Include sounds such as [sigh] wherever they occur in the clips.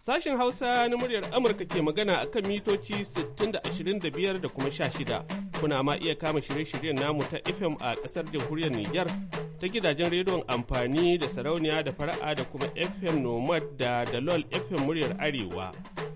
Sashen Hausa na muryar Amurka ke magana a kan mitoci 60-25 da kuma 16. Kuna ma iya kama shirye-shiryen namu ta FM a ƙasar jamhuriyar Nijar ta gidajen rediyon amfani da sarauniya da fara'a da kuma FM Nomad da Dalol FM muryar Arewa.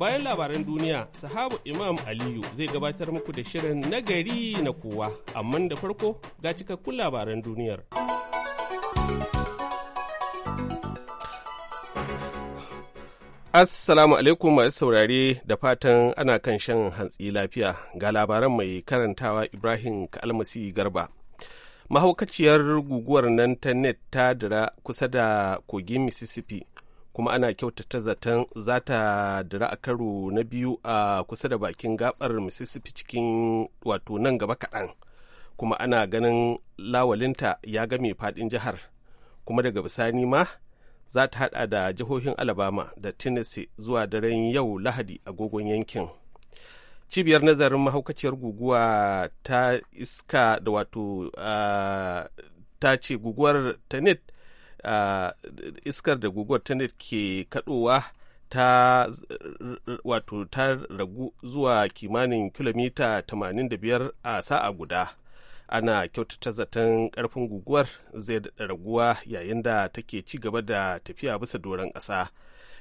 Bayan labaran duniya, sahabu Imam Aliyu zai gabatar muku da shirin nagari na kowa, amma da farko ga cikakkun labaran duniyar. Assalamu alaikum masu saurare da fatan ana kan shan hantsi lafiya ga labaran mai karantawa Ibrahim Kalmasi Garba. Mahaukaciyar guguwar nan ta net ta dira kusa da kogin Mississippi kuma ana kyautata zaton za ta dira a karo na biyu a kusa da bakin gabar mississippi cikin wato nan gaba kaɗan kuma ana ganin lawalinta ya game faɗin jihar kuma daga bisani ma za ta hada da jihohin alabama da tennessee zuwa daren yau lahadi agogon yankin cibiyar nazarin mahaukaciyar guguwa ta iska da wato ta ce guguwar tenet iskar da guguwar tenet ke kadowa ta wato ta ragu zuwa kimanin kilomita 85 a sa'a guda ana kyautata zaton karfin guguwar zai da raguwa yayin da take ci gaba da tafiya bisa doron ƙasa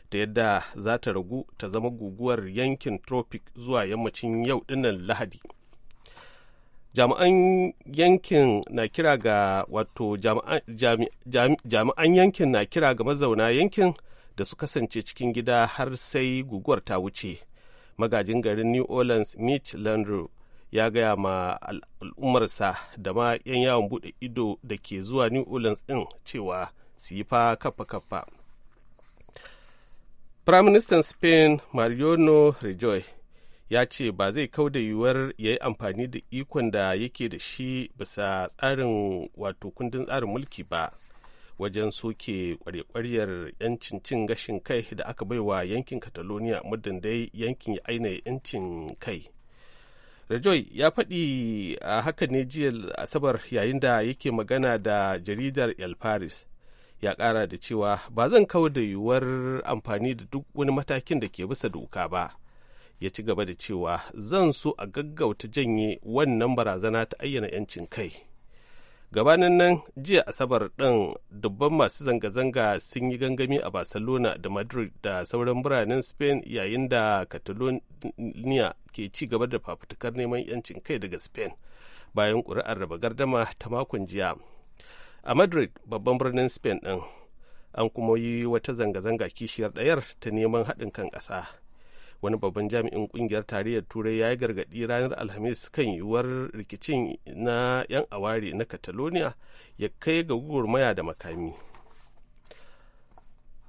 ta yadda za ta ragu ta zama guguwar yankin tropic zuwa yammacin yau dinnan lahadi jami'an yankin na kira ga wato jami'an yankin na kira ga mazauna yankin da su kasance cikin gida har sai guguwar ta wuce magajin garin new orleans mitch landrew ya gaya ma al'ummarsa da ma 'yan yawon bude ido da ke zuwa new orleans din cewa su yi fa kafa-kafa Firaministan Spain Mariano rejoy. ya ce ba zai kau da yiwuwar ya yi amfani da ikon da yake da shi bisa tsarin wato kundin tsarin mulki ba wajen soke kwarekwaryar yancin cin gashin kai da aka baiwa yankin catalonia muddin dai yankin ya aina yancin kai rajoy ya faɗi a haka ne jiya asabar yayin da yake magana da jaridar el paris ya ƙara da cewa ba zan kawo da yiwuwar amfani da duk wani matakin da ke bisa doka ba ya ci gaba da cewa zan so a gaggauta janye wannan barazana ta ayyana 'yancin kai gabanin nan jiya asabar ɗin dubban masu zanga-zanga sun yi gangami a barcelona da madrid da sauran biranen spain yayin da catalonia ke ci gaba da fafutukar neman 'yancin kai daga spain bayan ƙuri'ar raba gardama ta makon jiya a madrid babban birnin spain ɗin an kuma yi wata zanga-zanga kishiyar ɗayar ta neman haɗin kan ƙasa wani babban jami'in kungiyar tarayyar turai ya yi gargaɗi ranar alhamis kan yiwuwar rikicin na 'yan aware na catalonia ya kai ga gugurmaya da makami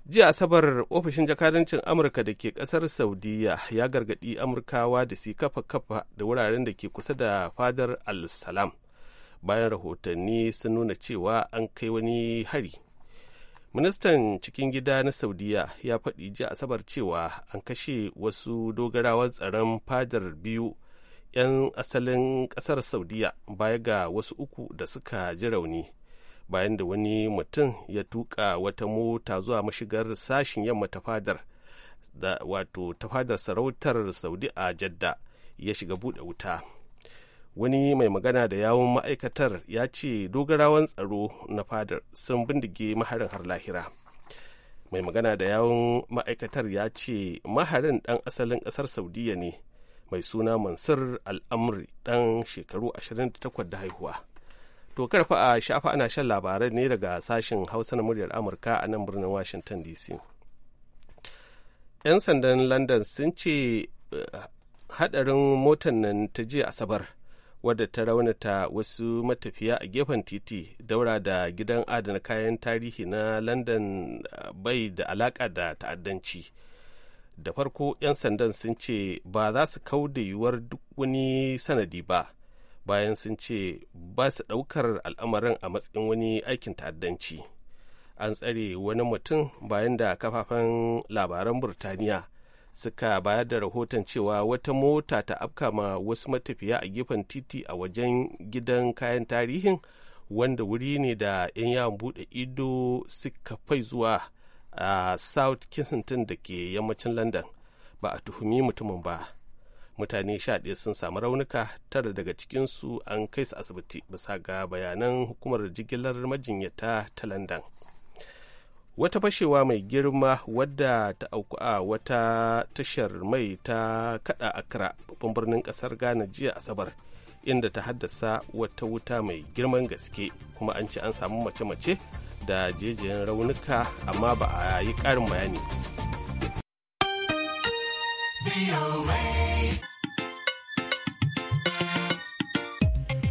jiya asabar ofishin jakadancin amurka da ke kasar saudiya ya gargaɗi amurkawa da su kafa kafa da wuraren da ke kusa da fadar al-salam bayan rahotanni sun nuna cewa an kai wani hari ministan cikin gida na saudiya ya faɗi ji asabar cewa an kashe wasu dogarawan tsaron fadar biyu 'yan asalin ƙasar saudiya baya ga wasu uku da suka ji rauni bayan da wani mutum ya tuka wata mota zuwa mashigar sashin yamma ta fadar wato ta fadar sarautar saudi a jadda ya shiga buɗe wuta wani mai magana da yawun ma'aikatar ya ce dogarawan tsaro na fadar sun bindige maharin har lahira mai magana da yawun ma'aikatar ya ce maharin ɗan asalin ƙasar saudiya ne mai suna mansur al'amri ɗan shekaru 28 da haihuwa to karfa a shafa ana shan labarai ne daga sashen hausa na muryar amurka a nan birnin washington dc 'yan sandan london sun ce eh, hadarin motan nan ta jiya asabar wadda ta raunata wasu matafiya a gefen titi daura da gidan adana kayan tarihi na london uh, bai da alaka da ta'addanci da farko 'yan sandan sun ce ba za su kau da yiwuwar duk wani sanadi ba bayan sun ce ba su ɗaukar al'amarin a matsayin wani aikin ta'addanci an tsare wani mutum bayan da kafafen labaran burtaniya suka bayar da rahoton cewa wata mota ta afka ma wasu matafiya a gefen titi a wajen gidan kayan tarihin wanda wuri ne da 'yan yawon bude ido suka fai zuwa a south kensington da ke yammacin london ba a tuhumi mutumin ba mutane sha ɗaya sun samu raunuka tara daga cikinsu an kai su asibiti bisa ga bayanan hukumar jigilar majinyata ta london wata fashewa mai girma wadda ta auku a wata tashar mai ta kada akra babban birnin kasar ghana jiya asabar inda ta haddasa wata wuta mai girman gaske kuma an ci an samu mace-mace da jejiyan raunuka amma ba a yi karin bayani.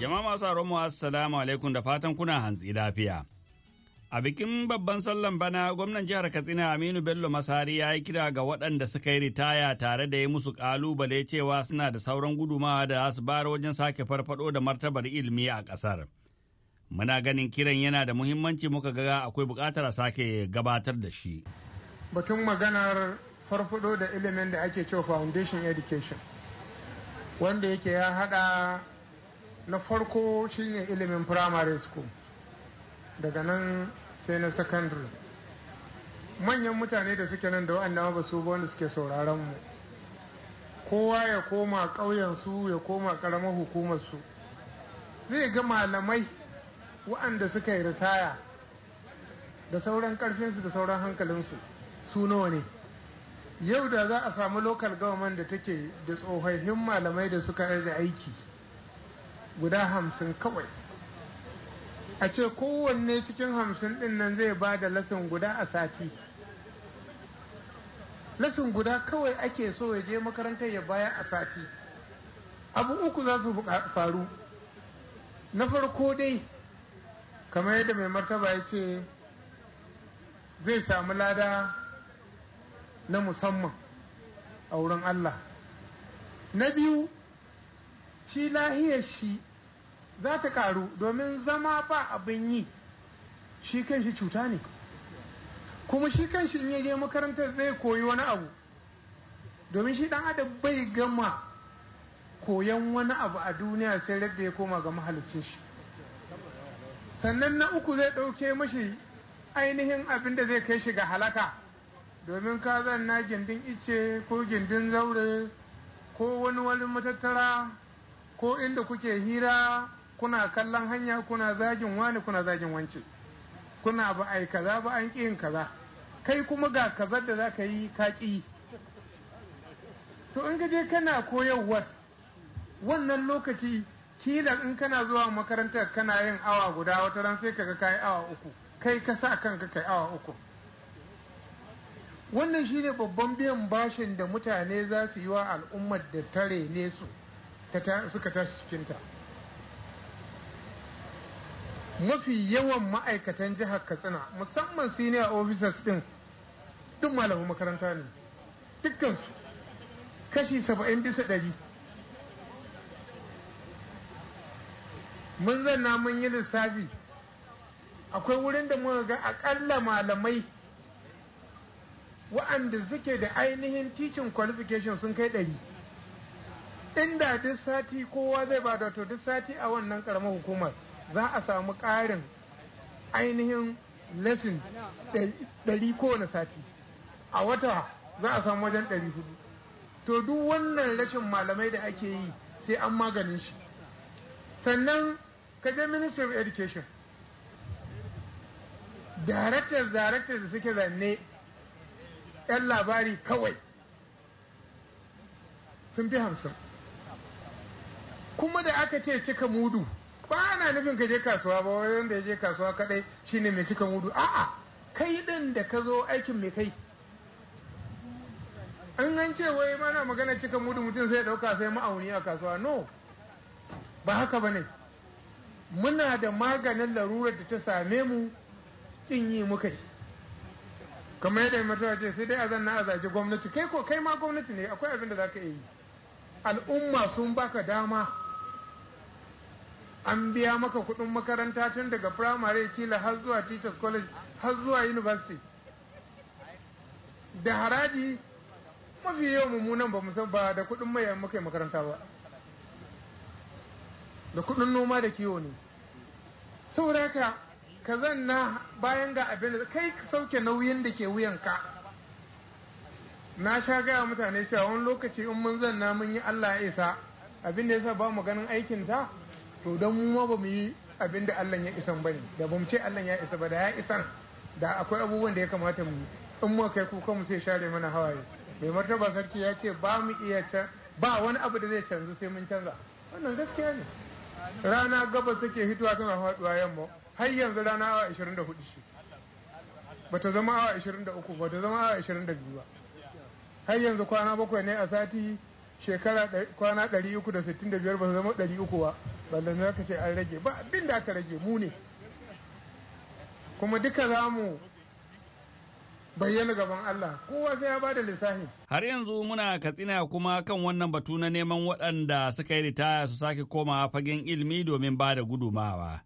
Jama'a masu aromu assalamu alaikum da fatan kuna hantsi lafiya. A bikin babban sallan bana gwamnan jihar Katsina Aminu Bello Masari ya yi kira ga waɗanda suka yi ritaya tare da ya musu ƙalubale cewa suna da sauran gudumawa da su bayar wajen sake farfado da martabar ilimi a ƙasar. Muna ganin kiran yana da muhimmanci muka ga akwai buƙatar a sake gabatar da shi. Batun maganar farfado da ilimin da ake cewa foundation education wanda yake ya haɗa na farko shine ilimin primary school daga nan sai na secondary manyan mutane da suke nan da wa'anda ba su wanda suke sauraron mu kowa ya koma ƙauyensu ya koma ƙaramar su zai ga malamai wa'anda suka yi ritaya da sauran ƙarfinsu da sauran hankalinsu su nawa ne yau da za a samu local government da take da tsohaihin malamai da suka rage aiki guda hamsin kawai a ce kowanne cikin hamsin ɗin nan zai ba da lasin guda a sati lasin guda kawai ake so ya je makarantar ya baya a sati abu uku za su faru na farko dai kamar yadda mai martaba ya ce zai samu lada na musamman a wurin Allah na biyu shi lahiyar shi za ta karu domin zama ba abin yi shi kan shi cuta ne kuma shi kan shi je makarantar zai koyi wani abu domin shi dan adam bai gama koyan wani abu a duniya sai da ya koma ga mahalicin shi sannan na uku zai ɗauke mashi ainihin abin da zai kai shi ga halaka domin ka zan na gindin ice ko gindin zaure ko wani wani matattara ko inda kuke hira kuna kallon hanya kuna zagin wani kuna zagin wance kuna ba ai kaza ba an ƙi kaza kai kuma ga kaza da za ka yi ka ƙi to in je kana koyarwar wannan lokaci kila in kana zuwa makarantar kana yin awa guda wata ran sai kaga kai awa uku kai ka sa kanka kai awa uku wannan shine babban biyan bashin da mutane za su yi wa al'ummar da tare ne su suka tashi cikinta mafi yawan ma'aikatan jihar katsina musamman senior officers din duk malamin makaranta ne dukkan kashi saba'in bisa ɗari mun zanna mun yi lissafi akwai wurin da muka ga akalla malamai wa'anda suke da ainihin teaching qualification sun kai ɗari inda duk sati kowa zai ba da to duk sati a wannan karamar hukumar za a samu ƙarin ainihin lesson ɗari kowane sati a wata za a samu wajen ɗari hudu to duk wannan rashin malamai da ake yi sai an maganin shi sannan kaje je of education daraktar daraktar da suke zanne yan labari kawai sun fi hamsin kuma da aka ce cika mudu ba ana nufin ka je kasuwa ba wai wanda ya je kasuwa kadai shine mai cika mudu a'a kai din da ka zo aikin mai kai in an ce wai mana magana cika mudu mutum sai dauka sai ma'auni a kasuwa no ba haka ba ne muna da maganin larurar da ta same mu kin yi muka yi kamar yadda mutum ce sai dai a zanna a zagi gwamnati kai ko kai ma gwamnati ne akwai abin da za ka yi al'umma sun baka dama an biya maka kuɗin makaranta tun daga firamare kila har zuwa teachers college har zuwa university da haraji mafi yawan mummunan ba musamman ba da kuɗin mai maka yi makaranta ba da kuɗin noma da kiwo ne saboda ka ka zanna bayan ga abin da kai sauke nauyin da ke wuyan ka. na sha gaya mutane cewa wani lokaci in mun zanna mun yi Allah ya isa abin da ya sa ba mu ganin aikin ta to don mu ma ba mu yi abin da Allah ya isan bane da ba mu ce Allah ya isa ba da ya isan da akwai abubuwan da ya kamata mu in mu kai kuka mu sai share mana hawaye mai martaba sarki ya ce ba mu iya can ba wani abu da zai canzu sai mun canza wannan gaskiya ne rana gabas take hituwa tana faduwa yamma har yanzu rana awa 24 shi bata zama awa 23 bata zama awa 22 ba har yanzu kwana bakwai ne a sati shekara kwana 365 ba su zama 300 ba ballan za ka ce an rage ba abin da aka rage mu ne kuma duka za mu bayyana gaban Allah kowa sai ya ba da lissafi. Har yanzu muna katsina kuma kan wannan batu na neman waɗanda suka yi ritaya su sake koma fagen ilimi domin ba da gudumawa.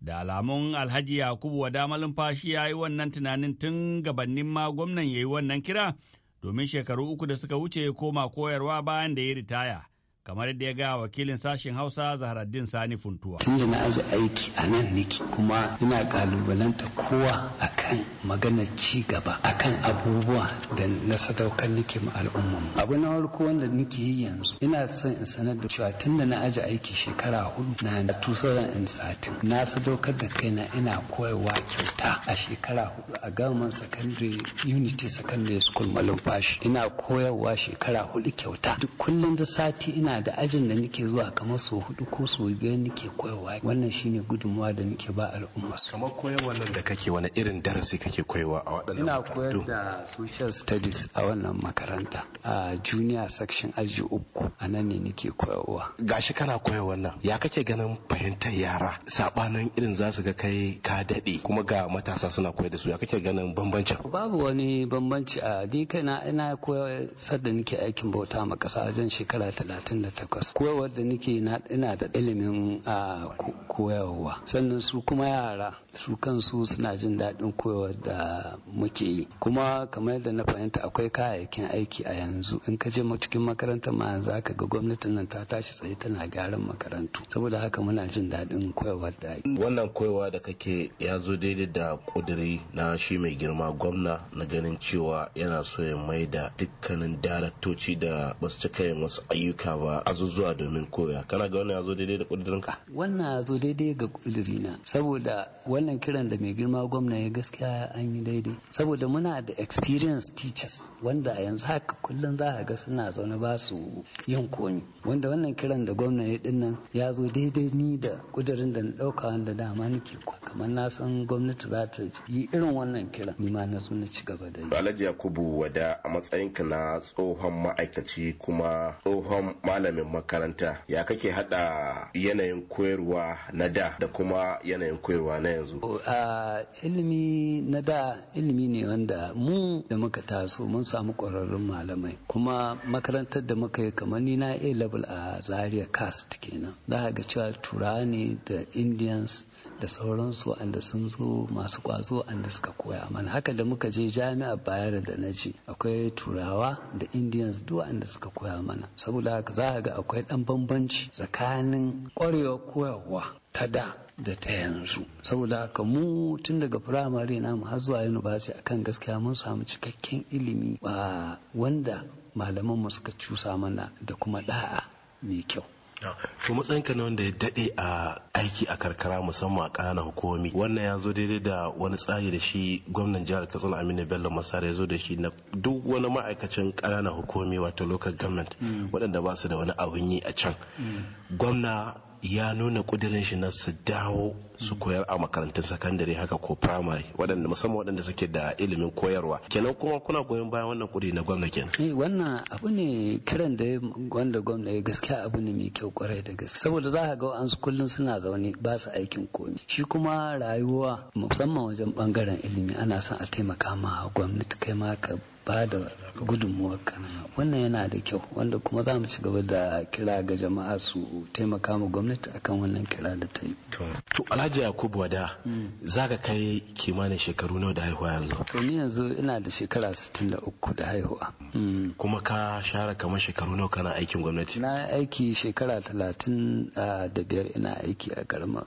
Da alamun Alhaji Yakubu wa damalin fashi ya yi wannan tunanin tun gabanin ma gwamnan ya yi wannan kira domin shekaru uku da suka wuce ya koma koyarwa bayan da ya ritaya kamar yadda ya ga wakilin sashen hausa zaharaddin sani funtuwa tun da na aji aiki a nan niki kuma ina kalubalanta kowa akan maganar ci gaba akan abubuwa da na sadaukar niki ma al'ummar abu na farko wanda niki yi yanzu ina son in sanar da cewa tun da na aji aiki shekara hudu na in tusoran satin na sadaukar da kaina ina koyarwa kyauta a shekara hudu a gaman secondary unity secondary school malumfashi ina koyarwa shekara hudu kyauta duk kullum da sati ina ina da ajin da nake zuwa kamar so hudu ko so biyar nake koyarwa wannan shine gudunmuwa da nake ba al'umma kamar koyarwa nan da kake wani irin darasi kake koyarwa a waɗannan ina koyar da social studies a wannan makaranta a junior section aji uku a nan ne nake koyarwa gashi kana koyar wannan ya kake ganin fahimtar yara sabanin irin za su ga kai ka daɗe kuma ga matasa suna koyar da su ya kake ganin bambancin babu wani bambanci a ni kaina ina koyar sadda nake aikin bauta ma ƙasa wajen shekara talatin 28 koyarwar da nake ina da ilimin a koyarwa sannan su kuma yara su kansu suna jin daɗin koyarwar da muke yi kuma kamar yadda na fahimta akwai kayayyakin aiki a yanzu in ka je cikin makarantar ma za ka ga gwamnatin nan ta tashi tsaye tana gyaran makarantu saboda haka muna jin daɗin koyarwar da wannan koyarwa da kake ya zo daidai da ƙuduri na shi mai girma gwamna na ganin cewa yana so ya mai da dukkanin daraktoci da basu cika yin wasu ayyuka ba kafa azuzuwa domin koya kana ga wannan ya daidai da ka. wannan yazo daidai ga kudirina saboda wannan kiran da mai girma gwamna ya gaskiya an yi daidai saboda muna da experience teachers wanda a yanzu haka kullum za ka ga suna zaune ba su yin komi wanda wannan kiran da gwamna ya dinnan ya zo daidai ni da kudirin da na dauka wanda dama nake kamar na san gwamnati za ta yi irin wannan kiran ni ma na so na ci gaba da yi Alhaji Yakubu wada a matsayinka na tsohon ma'aikaci kuma tsohon malamin makaranta ya kake hada yanayin koyarwa na da da kuma yanayin koyarwa na yanzu a uh, ilimi na da ilimi ne wanda mu da muka taso mun samu kwararrun malamai kuma makarantar da muka yi kamar ni na a level a zaria cast kenan za a ga cewa turawa ne da indians da sauransu wanda sun zo masu kwazo wanda suka koya mana haka da muka je jami'a bayar da na ji akwai turawa da indians duk wanda suka koya mana saboda haka za za ga akwai ɗan bambanci tsakanin ƙwarewa koyarwa ta da da ta yanzu saboda haka mu tun daga firamare namu har zuwa yunibasi akan gaskiya mun samu cikakken ilimi wanda malaman mu suka cusa mana da kuma da'a mai kyau to matsayinka ne wanda ya daɗe a aiki a karkara musamman a ƙananan hukumomi wannan ya zo daidai da wani tsari da shi gwamnan jihar katsina aminu bello masara ya zo da shi na duk wani ma'aikacin kananan hukumi wato local government mm. waɗanda ba su da wani abun yi a can mm. gwamna ya nuna kudirin shi na su dawo su koyar a makarantun sakandare haka ko primary waɗanda musamman waɗanda suke da ilimin koyarwa kenan kuma kuna goyon bayan wannan kuɗi na gwamna kenan eh wannan abu ne kiran da wanda gwamna ya gaskiya abu ne mai kyau kwarai da gaske saboda za ka ga an su kullun suna zaune ba su aikin komi shi kuma rayuwa musamman wajen bangaren ilimi ana son a taimaka ma gwamnati kai ma ka ba da gudunmuwar kana wannan yana da kyau wanda kuma za mu ci gaba da kira ga jama'a su taimaka ma gwamnati akan wannan kira da ta yi. Alhaji Yakubu Wada za ka kai kimanin shekaru nawa da haihuwa yanzu? To ni yanzu ina da shekara 63 da haihuwa. Mm. Kuma ka share kamar shekaru nawa kana aikin gwamnati? Na aiki shekara 35 ah, ina aiki a garma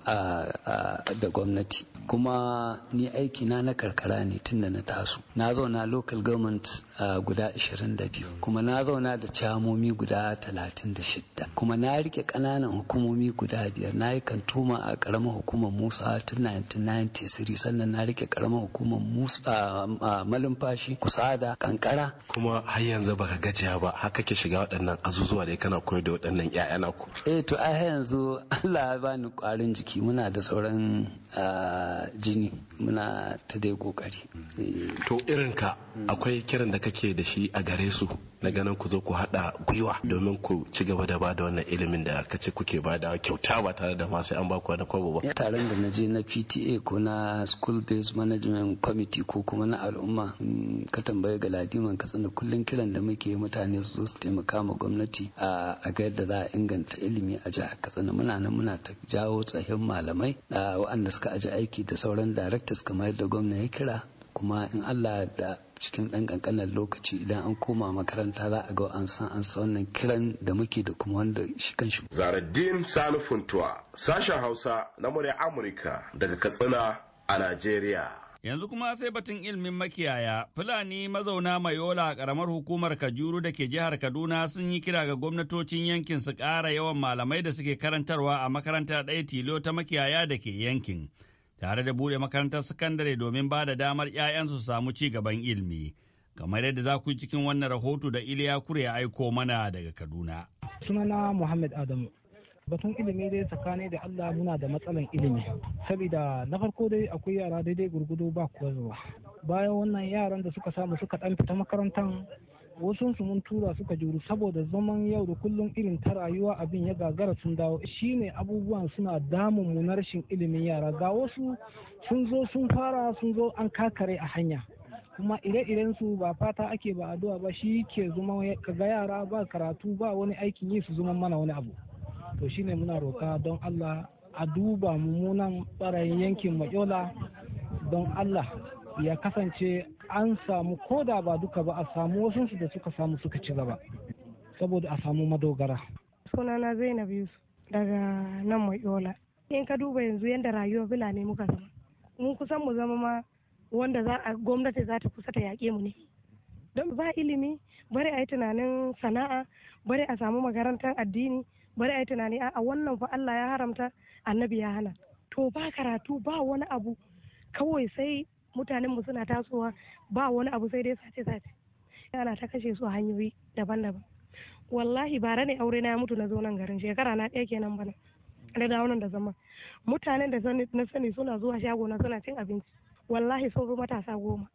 da gwamnati. Kuma ni aiki na na karkara ne tun da na taso. Na zauna local government ah, guda 22 kuma na zauna da camomi guda 36 kuma na rike ƙananan hukumomi guda biyar na yi kantoma a ƙaramar hukumar hukumar musa tun 1993 sannan na rike karamar hukumar musa malumfashi kusada kankara kuma har yanzu baka gajiya ba haka ke shiga waɗannan azuzuwa da kana koyar da waɗannan ƴaƴa na ku eh to a yanzu Allah ya bani ƙwarin jiki muna da sauran jini muna ta dai kokari eh. to irin ka akwai kiran da kake da shi a gare su na ganin ku zo ku hada gwiwa domin ku ci gaba da ba da wannan ilimin da kace kuke ba da kyauta ba tare da ma an ba ku wani kwabo ba taron da na je na PTA ko na School Based Management Committee ko kuma na al'umma ka tambaye ga ladiman ka tsana kullum kiran da muke mutane su su taimaka ma gwamnati a ga yadda za a inganta ilimi a jihar Katsina muna nan muna ta jawo tsahin malamai waɗanda suka aji aiki da sauran directors kamar yadda gwamna ya kira kuma in Allah da cikin ɗan ƙanƙanin lokaci idan an koma makaranta za a ga an san an san wannan kiran da muke da kuma wanda shi kan shi. Zaradin Salifuntuwa, sashen Hausa na murya Amurka daga Katsina a Najeriya. Yanzu kuma sai batun ilimin makiyaya, Fulani mazauna Mayola a ƙaramar hukumar Kajuru da ke jihar Kaduna sun yi kira ga gwamnatocin yankin su ƙara yawan malamai da suke karantarwa a makaranta ɗaya tilo ta makiyaya da ke yankin. tare da buɗe makarantar sakandare domin ba da damar 'ya'yansu samu ci gaban ilimi. Kamar yadda za ku yi cikin wannan rahoto da Iliya Kure ya aiko mana daga Kaduna. Sunana Muhammad Adamu. batun ilimi dai tsakani da Allah muna da matsalan ilimi saboda na farko dai akwai yara daidai gurgudu ba kuwa zuwa bayan wannan yaran da suka samu suka ɗan fita makarantar wasu mun tura suka juru saboda zaman yau da kullum irin ta rayuwa abin ya gagara sun dawo shine abubuwan suna damun mu na rashin ilimin yara ga wasu sun zo sun fara sun zo an kakare a hanya kuma ire-iren su ba fata ake ba addu'a ba shi ke zuma ga yara ba karatu ba wani aikin yi su zuma mana wani abu to shine muna roka don Allah a duba mummunan barayin yankin Mayola don Allah ya kasance an samu ko da ba duka ba a samu wasansu da suka samu suka ci gaba saboda a samu madogara sunana zainab yusuf daga nan mai yola in ka duba yanzu yadda rayuwar ne muka zama mun kusan mu zama ma wanda za a gwamnati za ta kusa ta yaƙe mu ne don ba ilimi bari a yi tunanin sana'a bari a samu makarantar addini bari a yi tunani a wannan fa Allah ya haramta annabi ya hana to ba karatu ba wani abu kawai sai mutanen mu suna tasowa ba wani abu sai dai sace sace ana ta kashe su a hanyoyi daban-daban wallahi bara ne aure na ya mutu na zo nan garin shekara na ɗaya kenan bana da dawo da zama mutanen da na sani suna zuwa shago na suna cin abinci wallahi sun fi matasa goma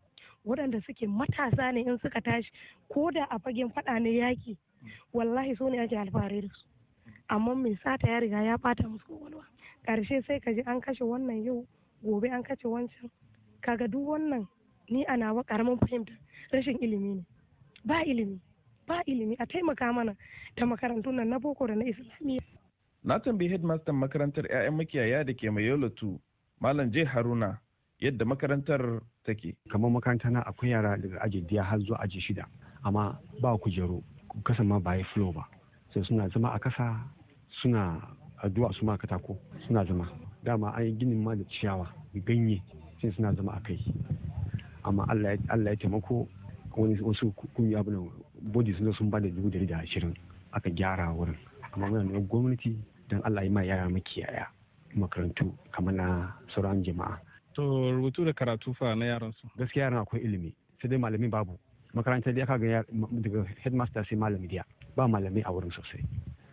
waɗanda suke matasa ne in suka tashi ko da a fagen faɗa ne yaki wallahi su ne ake alfahari da su amma mai sata ya riga ya ɓata musu walwa ƙarshe sai ka ji an kashe wannan yau gobe an kashe wancan kaga duk wannan ni a nawa karamin fahimta rashin ilimi ne ba ilimi ba ilimi a taimaka mana ta makarantun nan na boko da na islamiyya na tambayi headmaster makarantar 'ya'yan makiyaya da ke mai yolotu malam j haruna yadda makarantar take kamar makaranta na akwai yara daga aji diya har zuwa aji shida amma ba kujeru kasan ma ba yi fulo ba sai suna zama a kasa suna addu'a su ma katako suna zama dama an yi ginin ma da ciyawa ganye sai suna zama a kai amma allah ya taimako wani wasu kungiya abin bodi sun sun bada dubu dari da ashirin aka gyara wurin amma muna neman gwamnati don allah ya ma yara makiyaya makarantu kamar na sauran jama'a to rubutu da karatu fa na yaran su gaskiya yaran akwai ilimi sai dai malami babu makarantar da aka ga daga headmaster sai malami diya ba malami a wurin sosai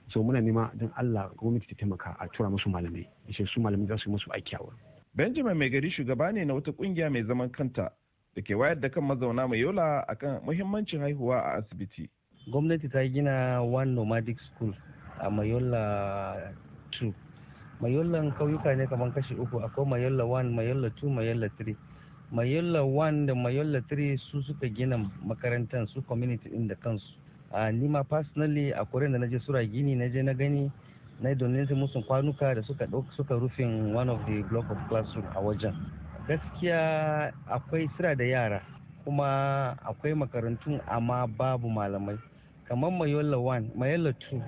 so muna nema don allah gwamnati ta taimaka a tura musu malamai ishe su malami za su yi musu aiki a wurin benjamin mai gari shugaba ne na wata kungiya mai zaman kanta da ke wayar da kan mazauna mai yola akan muhimmancin haihuwa a asibiti gwamnati ta gina one nomadic school a mayola 2 mayolan kauyuka ne kamar kashi uku akwai mayola 1 mayola 2 mayola 3 mayola 1 da mayola 3 su suka gina makarantar su community din da kansu a nima personally a koren da na je sura gini na je na gani na su musu kwanuka da suka suka rufin one of the block of classroom a wajen gaskiya akwai sira da yara kuma akwai makarantun amma babu malamai kamar mayola 1 mayola 2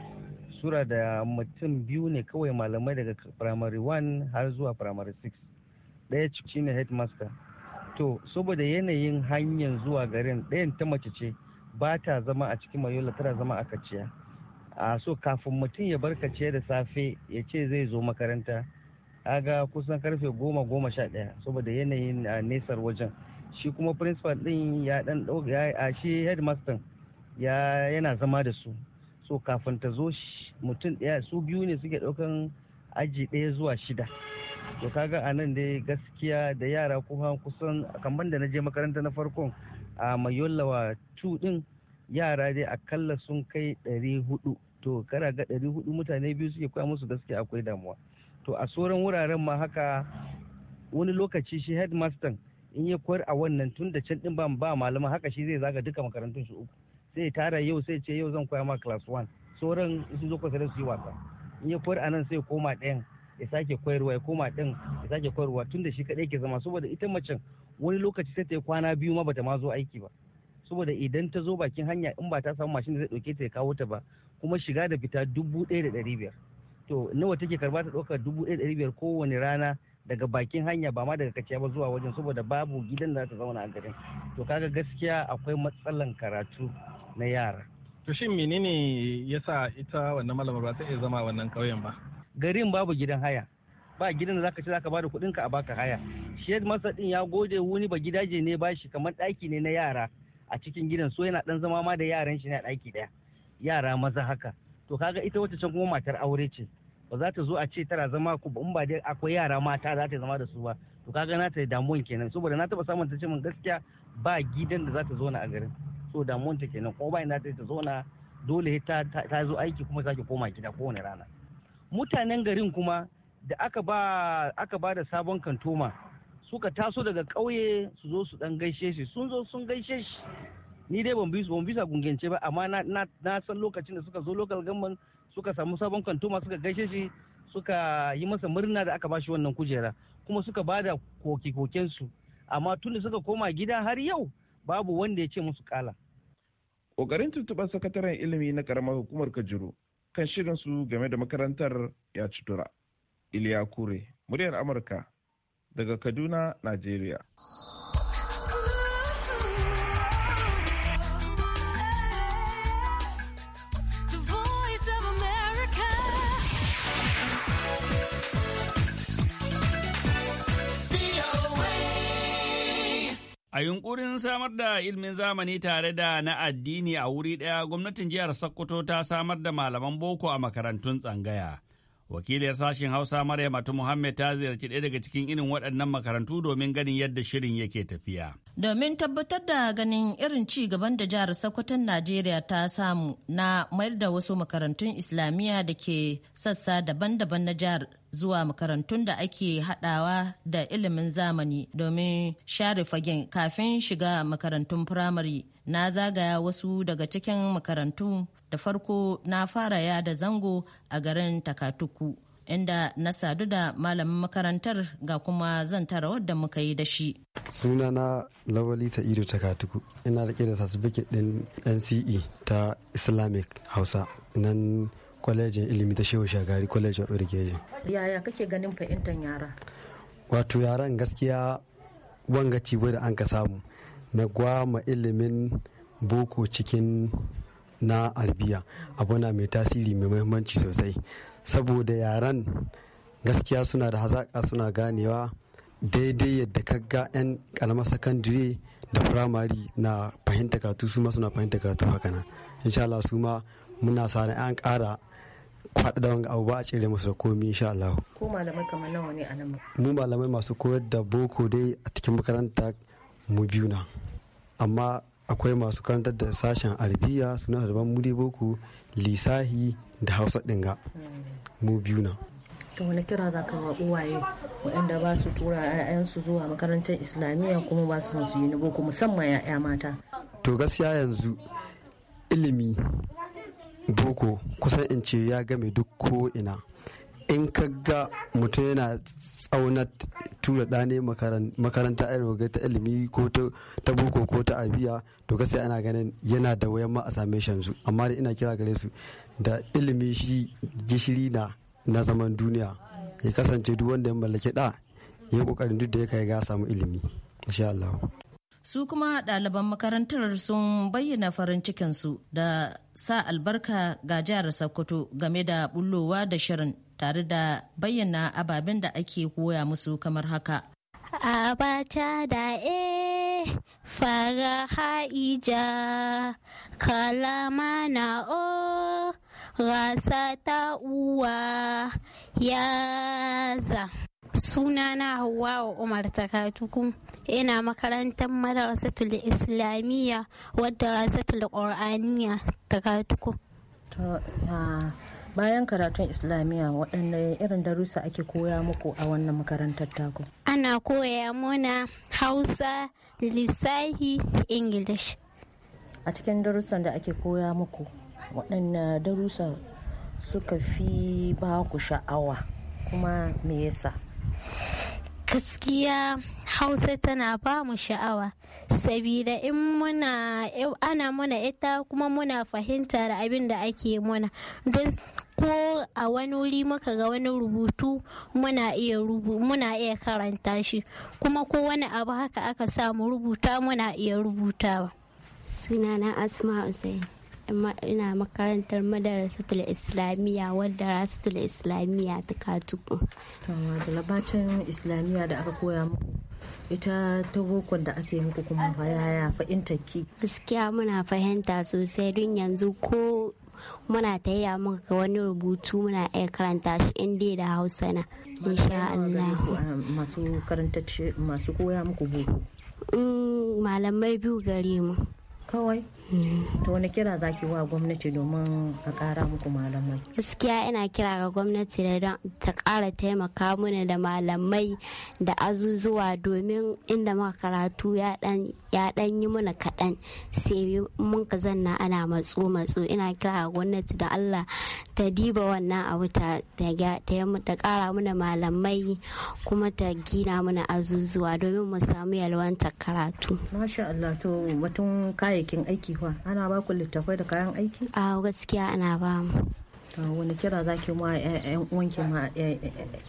sura da mutum biyu ne kawai malamai daga primary 1 har zuwa primary 6 ɗaya shine headmaster to saboda yanayin hanyar zuwa garin ɗayan ta mace ce ba ta zama a cikin mayola tana zama a kaciya a so kafin mutum ya barkace da safe ya ce zai zo makaranta aga kusan karfe goma goma sha ɗaya saboda yanayin nesar wajen shi kuma principal ɗin ya ɗan a shi headmaster ya yana zama da su so kafin ta zo mutum ɗaya su biyu ne suke ɗaukan aji ɗaya zuwa shida to kaga a nan dai gaskiya da yara kuma kusan kamar da na je makaranta na farkon a mayollawa tu ɗin yara dai akalla sun kai ɗari hudu to kana ga ɗari hudu mutane biyu suke koya musu gaske akwai damuwa to a sauran wuraren ma haka wani lokaci shi headmaster in ya koyar a wannan tun da can din ba ba malama haka shi zai zaga duka makarantun su uku sai tara yau sai ce yau zan koya ma class 1 sauran sun zo kwasa su yi wasa in ya koyar a nan sai koma ɗayan ya sake koyarwa ya koma ɗin ya sake koyarwa tun da shi kaɗai ke zama saboda ita macen wani lokaci sai ta yi kwana biyu ma bata ma zo aiki ba saboda idan ta zo bakin hanya in ba ta samu mashin da zai ɗauke ta ya kawo ta ba kuma shiga da fita dubu ɗaya da ɗari biyar to nawa take karba ta ɗaukar dubu ɗaya da ɗari biyar kowane rana daga bakin hanya ba ma daga kaciya ba zuwa wajen saboda babu gidan da za ta zauna a garin to kaga gaskiya akwai matsalan karatu na yara to shin menene yasa ita wannan malamar ba ta iya zama wannan ƙauyen ba garin babu gidan haya ba gidan da zaka ce zaka bada kuɗin ka a baka haya shi masa din ya gode wuni ba gidaje ne bashi kamar ɗaki ne na yara a cikin gidan so yana ɗan zama ma da yaran shi ne a ɗaki ɗaya yara maza haka to kaga ita wacce can kuma matar aure ce ba za ta zo a ce tana zama ku in ba dai akwai yara mata za ta zama da su ba to kaga na ta damuwan kenan saboda na taba samun ta ce min gaskiya ba gidan da za ta zauna a garin so damuwan ta kenan ko ba ina ta ta zauna dole ta ta zo aiki kuma sake koma gida kowane rana mutanen garin kuma da aka ba aka ba da sabon kantoma suka taso daga ƙauye su zo su dan gaishe shi sun zo sun gaishe shi ni dai ban bisa gungance ba amma na san lokacin da suka zo local government suka samu sabon kantoma suka gaishe shi suka yi masa murna da aka ba shi wannan kujera kuma suka ba da koke su amma tun da suka koma gida har yau babu wanda ya ce musu kala. Ƙoƙarin tuntuɓar sakataren ilimi na karamar hukumar Kajuru kan shirin su game da makarantar ya ci tura. Iliya Kure, muryar Amurka daga Kaduna, Najeriya. A yunkurin samar da ilimin zamani tare da na addini a wuri ɗaya gwamnatin jihar Sokoto ta samar da malaman boko a makarantun tsangaya. wakiliyar sashen hausa maryam atu muhammed ta ziyarci ɗaya daga cikin irin waɗannan makarantu domin ganin yadda shirin yake tafiya domin tabbatar da ganin irin ci gaban da jihar sokoton najeriya ta samu na mayar da wasu makarantun islamiyya da ke sassa daban-daban na jihar zuwa makarantun da ake hadawa da ilimin zamani domin share fagen kafin shiga makarantun firamare na zagaya wasu daga cikin makarantun. da farko na fara yada zango a garin takatuku inda na sadu da malamin makarantar ga kuma zan tara wadda muka yi da shi suna na lawali sa'idu takatuku ina rike da certificate din nce ta islamic hausa nan kwalejin ilimi ta shehu shagari kwalejin of yaya kake ganin fahimtar yara wato yaran gaskiya wanga ci da an ka samu na gwama ilimin boko cikin na arbiya na mai tasiri mai muhimmanci sosai saboda yaran gaskiya suna da hazaƙa suna ganewa daidai yadda ka ga 'yan karamar sakandire da firamare na fahimta karatu su ma suna fahimta karatu haka nan insha Allah su ma muna sa an ƙara kwaɗa da wanga abu ba a cire musu da komi insha Allah. Ko malamai kamar nawa ne a nan? Mu malamai masu koyar da boko dai a cikin makaranta mu biyu na. Amma akwai masu karantar da sashen arbiya suna da muri boko lisahi da hausa dinga mu biyu na to wani kira za ka wa uwaye waɗanda ba su tura 'ya'yansu zuwa makarantar islamiyya kuma ba su su yi na boko musamman 'ya'ya mata to gaskiya yanzu ilimi boko kusan in ce ya game duk ko ina in ka mutum yana tsauna tura ɗane makaranta irin ta ilimi ko ta boko ko ta arabiya to gaskiya ana ganin yana da wayan ma a same shansu amma da ina kira gare su da ilimi shi gishiri na na zaman duniya ya kasance duk wanda ya mallaki da ya kokarin duk da ya kai ga samu ilimi insha Allah su kuma ɗaliban makarantar sun bayyana farin cikinsu da sa albarka ga jihar sokoto game da bullowa da shirin tare da bayyana ababen da ake koya musu kamar haka. Abata da e fara ha'ija kalama na o rasa ta uwa Suna sunana hawa wa umar takatuku ina makarantar madarasatul islamiyya wadda rasatul ƙor'aniya takatuku ah, bayan karatun islamiyya waɗanne irin darussa ake koya muku a wannan makarantar taku ana koya muna hausa lissahi english a cikin darussan da ake koya muku waɗanne darussa suka fi ba ku sha'awa kuma me yasa gaskiya hausa tana ba mu sha'awa sabida in muna ana muna ita kuma muna fahimta da abin da ake muna don ko a wani wuri maka ga wani rubutu muna iya rubu muna iya karanta shi kuma ko wani abu haka aka samu rubuta muna iya rubutawa sunana asma usain ina makarantar madarasatul islamiyya wadda rasatul islamiyya ta katuku. da labacin islamiyya da aka koya muku ita ta bokon da ake muku kuma yaya fahimtar ki. gaskiya muna fahimta sosai don yanzu ko muna ta yi muka wani rubutu muna iya karanta shi inda da hausa na insha Allah masu koya muku boko eh, mm, malamai biyu gare mu kawai mm. to wani kira za ki wa gwamnati domin a kara muku malamai gaskiya ina kira ga gwamnati da ta kara taimaka mana da malamai da azuzuwa domin inda muka karatu ya dan yi mana kaɗan sai mun ka zanna ana matso matso ina kira ga gwamnati da allah ta diba wannan abu ta ta kara mana malamai kuma ta gina mana azuzuwa domin mu samu yalwanta karatu masha allah to batun kai kayayyakin aiki kuwa ana ba ku littafai da kayan aiki a gaskiya ana ba mu wani kira zaki ma 'yan uwanki ma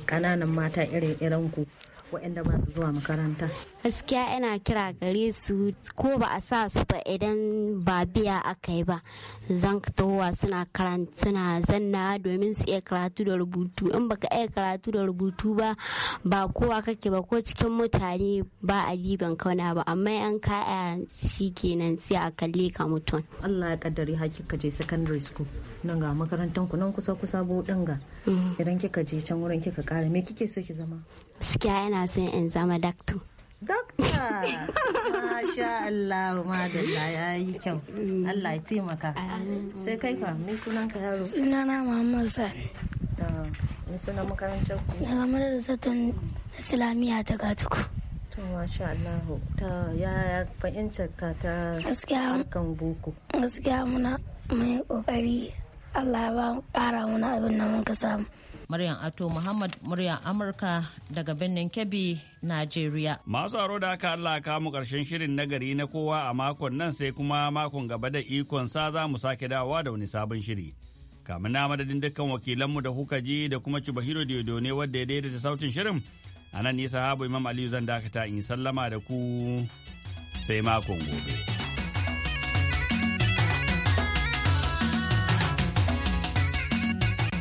kananan mata irin irin ku waɗanda ba su zuwa makaranta? Gaskiya ina kira gare su ko ba a sa su ba idan ba biya aka yi ba zan towa suna karantuna zanna domin su iya karatu da rubutu in baka iya karatu da rubutu ba ba kowa kake ba ko cikin mutane ba a liban kauna ba amma yan kaya shi kenan sai a kalle ka mutum. Allah ya kaddari haƙi ka je secondary school nan ga makarantar ku nan kusa kusa bo ga mm. idan kika je can wurin kika kare me kike so ki zama? gaskiya yana son in zama dakto Dokta! [laughs] Masha Allah, madalla ya yi kyau. Mm. Allah ya taimaka. Sai kai fa, mai sunan ka yaro? Sunana Muhammad Sani. Mai sunan makarantar ku? Daga marar zaton Islamiyya ta Gatuku. To, masha Allah, ta yaya fahimtar ka ta harkan boko. Gaskiya muna mai kokari. Allah ya ba mu kara muna abin da muka samu. Maryam Ato Muhammad muryan Amurka daga birnin Kebbi, Najeriya. Masu aro da aka Allah kamu karshen shirin nagari na kowa a makon nan sai kuma makon gaba da ikon sa za mu sake dawowa da wani sabon shiri. Kamun na madadin dukkan wakilanmu da kuka ji da kuma Cibahiro Diodo ne wadda ya daidaita sautin shirin. A nan nisa habu Imam Aliyu zan dakata in sallama da ku sai makon gobe.